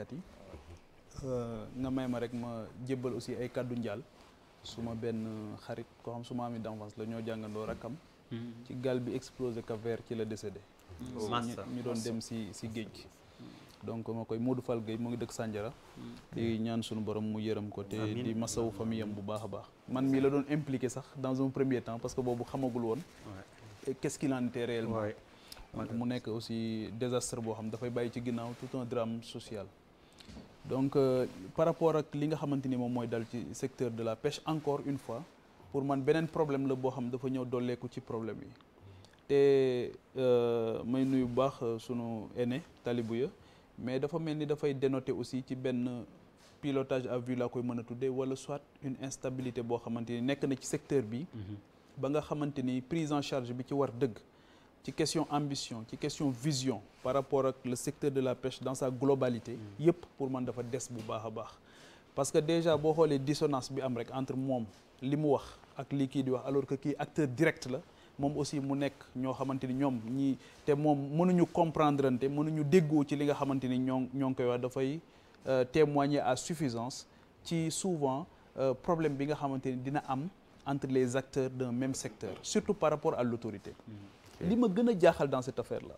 jàngkat yi euh, nga may ma rek ma jébbal aussi ay kàddu njaal suma benn xarit koo xam suma ami d'enfance la ñoo jàngandoo rakkam hmm. ci gaal bi explosé Cap Vert ci la décédé hmm. ñu doon dem si si géej gi donc ma koy Modou Fall Gueye mu ngi dëkk Sandiara hmm. di ñaan sunu borom mu yërëm ko te di masawu famille bu baax a baax man mii la doon impliqué sax dans un premier temps parce que boobu xamagul woon qu'est-ce qu'il en était mu nekk aussi désastre boo xam dafay bàyyi ci ginnaaw tout un social donc euh, par rapport ak li nga xamante ni moom mooy dal ci secteur de la pêche encore une fois pour man beneen problème la boo xam dafa ñëw dolleeku ci problème yi te euh, may nuy bu baax euh, sunu aîné Talibouya mais dafa mel ni dafay dénoter aussi ci benn pilotage à vue laa koy mën tuddee wala soit une instabilité boo xamante ni nekk na ci secteur bi. Mhm. ba nga xamante ni prise en charge bi ci war dëgg. ci question ambition ci question vision par rapport ak le secteur de la pêche dans sa globalité mm. yëpp pour man dafa des bu baax a baax parce que déjà boo xoolee dissonance bi am rek entre moom li mu wax ak li kii di wax alors que kii acteur direct la moom aussi mu nekk ñoo xamante ni ñoom ñii te moom mënuñu comprendre te mënuñu déggoo ci li nga xamante ni ñoo ñoo ngi koy wax dafay euh, témoigner à suffisance ci souvent euh, problème bi nga xamante ni dina am entre les acteurs d'un même secteur surtout par rapport à l'autorité mm. li ma gën a jaaxal dans cette affaire la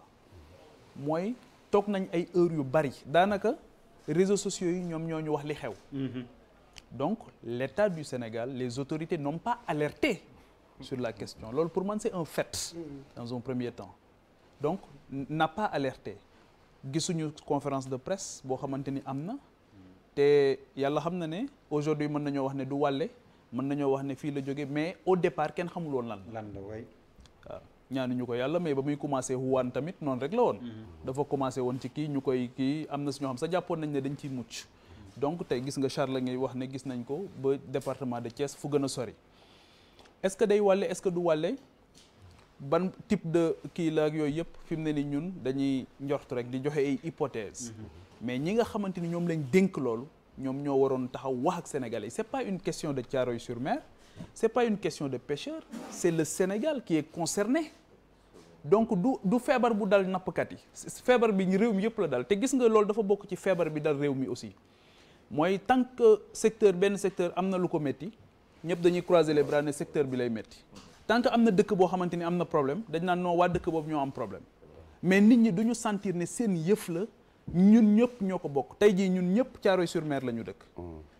mooy toog nañ ay heures yu bari. daanaka réseaux sociaux yi ñoom ñoo ñu wax li xew. Mhm. donc l' état du Sénégal les autorités n'ont pas alerté sur la question loolu pour man c' est un fait. Mhm. dans un premier temps donc n'a pas alerté gisuñu conférence de presse boo xamante ni am na. te yàlla xam na ne aujourd'hui mën nañoo wax ne du wàlle mën nañoo wax ne fii la jóge mais au départ kenn xamul lan. lan la waay waaw. ñaanuñu ko yàlla mais ba muy commencé huwaan tamit noonu rek la woon mm-hmm. dafa commencé woon ci kii ñu koy kii am na suñoo xam sa jàppoon nañ ne dañ ciy mucc mm-hmm. donc tey gis nga Charles ngay wax ne gis nañ ko ba département de Thiès fu gën a sori est-ce que day wàlle est-ce que du wàlle ban type de kii la ak yooyu yëpp fi mu ne ni ñun dañuy njort rek di joxe ay hypothèses mm-hmm. mais ñi nga xamante ni ñoom lañ dénk loolu ñoom ñoo waroon taxaw wax ak sénégalais c'est pas une question de Thiaroye sur Mer c'est pas une question de pêcheur c'est le Sénégal qui est donc du du feebar bu dal nappkat yi feebar bi réew mi yëpp la dal te gis nga loolu dafa bokk ci feebar bi dal réew mi aussi mooy tant secteur benn secteur am na lu ko métti ñëpp dañuy croisé les bras secteur bi lay métti tanque am na dëkk boo xamante ni am na problème dañ naan non waa dëkk boobu ñoo am problème mais nit ñi du ñu sentir ne seen yëf la ñun ñëpp ñoo ko bokk tey jii ñun ñëpp Thiaroye sur Mer la ñu dëkk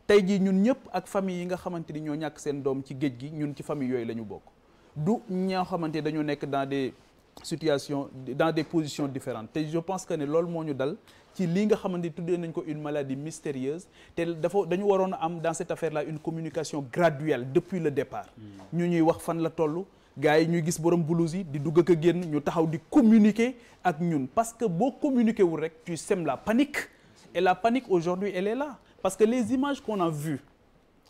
tey jii ñun ñëpp ak famille yi nga xamante ni ñoo ñàkk seen doom ci géej gi ñun ci famille yooyu la ñu bokk du ñoo xamante dañoo nekk dans des situation dans des positions différentes te je pense que ne loolu moo ñu dal ci lii nga xamante ni tuddee nañ ko une maladie mystérieuse te dafa dañu waroon am dans cette affaire là une communication graduelle depuis le départ hmm. ñu ñuy wax fan la toll gars yi ñu gis borom blouse yi di dugg ak a génn ñu taxaw di communiquer ak ñun parce que boo communiquer wul rek tu sèmes la panique et la panique aujourd'hui elle est là parce que les images qu'on a vues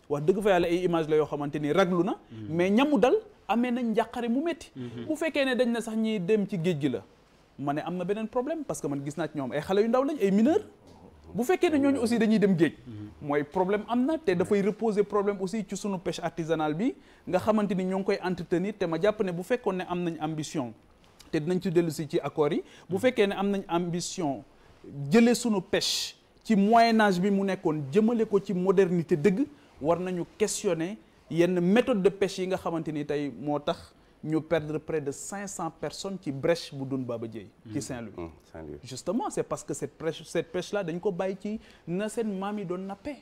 wax dëgg fa ay images la yoo xamante ni raglu na hmm. mais ñamu dal amee nañ njàqare mu métti mhm. bu fekkee ne dañ na sax ñi dem ci géej gi la ma ne am na beneen problème parce que man gis naa ñoom ay xale yu ndaw lañ ay mineur bu fekkee ne ñooñu aussi dañuy dem géej mhm. mooy problème am na te dafay reposer problème aussi ci sunu pêche artisanale bi nga xamante ni ñoo ngi koy entretenir te ma jàpp ne bu fekkoon ne am nañ ambition te dinañ ci dellu si ci accords yi bu mhm. fekkee ne am nañ ambition jëlee sunu pêche ci moyen âge bi mu nekkoon jëmale ko ci modernité dëgg war nañu questionner yenn méthode de pêche yi nga xamante ni tey moo tax ñu perdre près de cinq cent personnes ci brèche bu Doune Baba Dièye ci mm. Mm, Saint-Louis justement c'est parce que cette pêche cette pêche là dañ ko bàyyi ci na seen maam yi doon nappe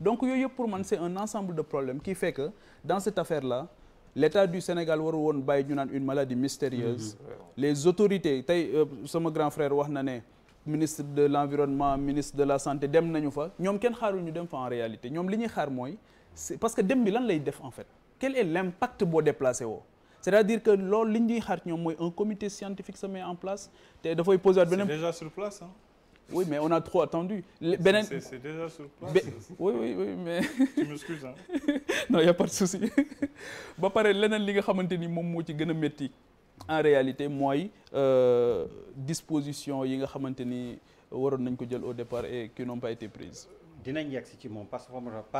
donc yooyu yëpp pour man c'est un ensemble de problèmes qui fekk que dans cette affaire là l'état du Sénégal waru woon bàyyi ñu naan une maladie mystérieuse mm-hmm. les autorités tey euh, sama grand frère wax na ne ministre de l'environnement ministre de la santé dem nañu fa ñoom kenn xaarul ñu dem fa réalité ñoom li ñuy xaar mooy c'est parce que dem bi lan lay def en fait quel est l'impact boo déplacé woo c'est-à-dire que lool li ñuy xaar ñoom mooy un comité scientifique se met en place te dafay poser waat beneen. c'est mais on a trop attendu. beneen c'est mais. tu m'excuses hein. ba pare leneen li nga xamante ni moom moo ci gën a métti en réalité mooy euh, disposition yi nga xamante ni waroon nañ ko jël au départ et qui n'ont pas été prises. dinañ yegg si ci moom parce que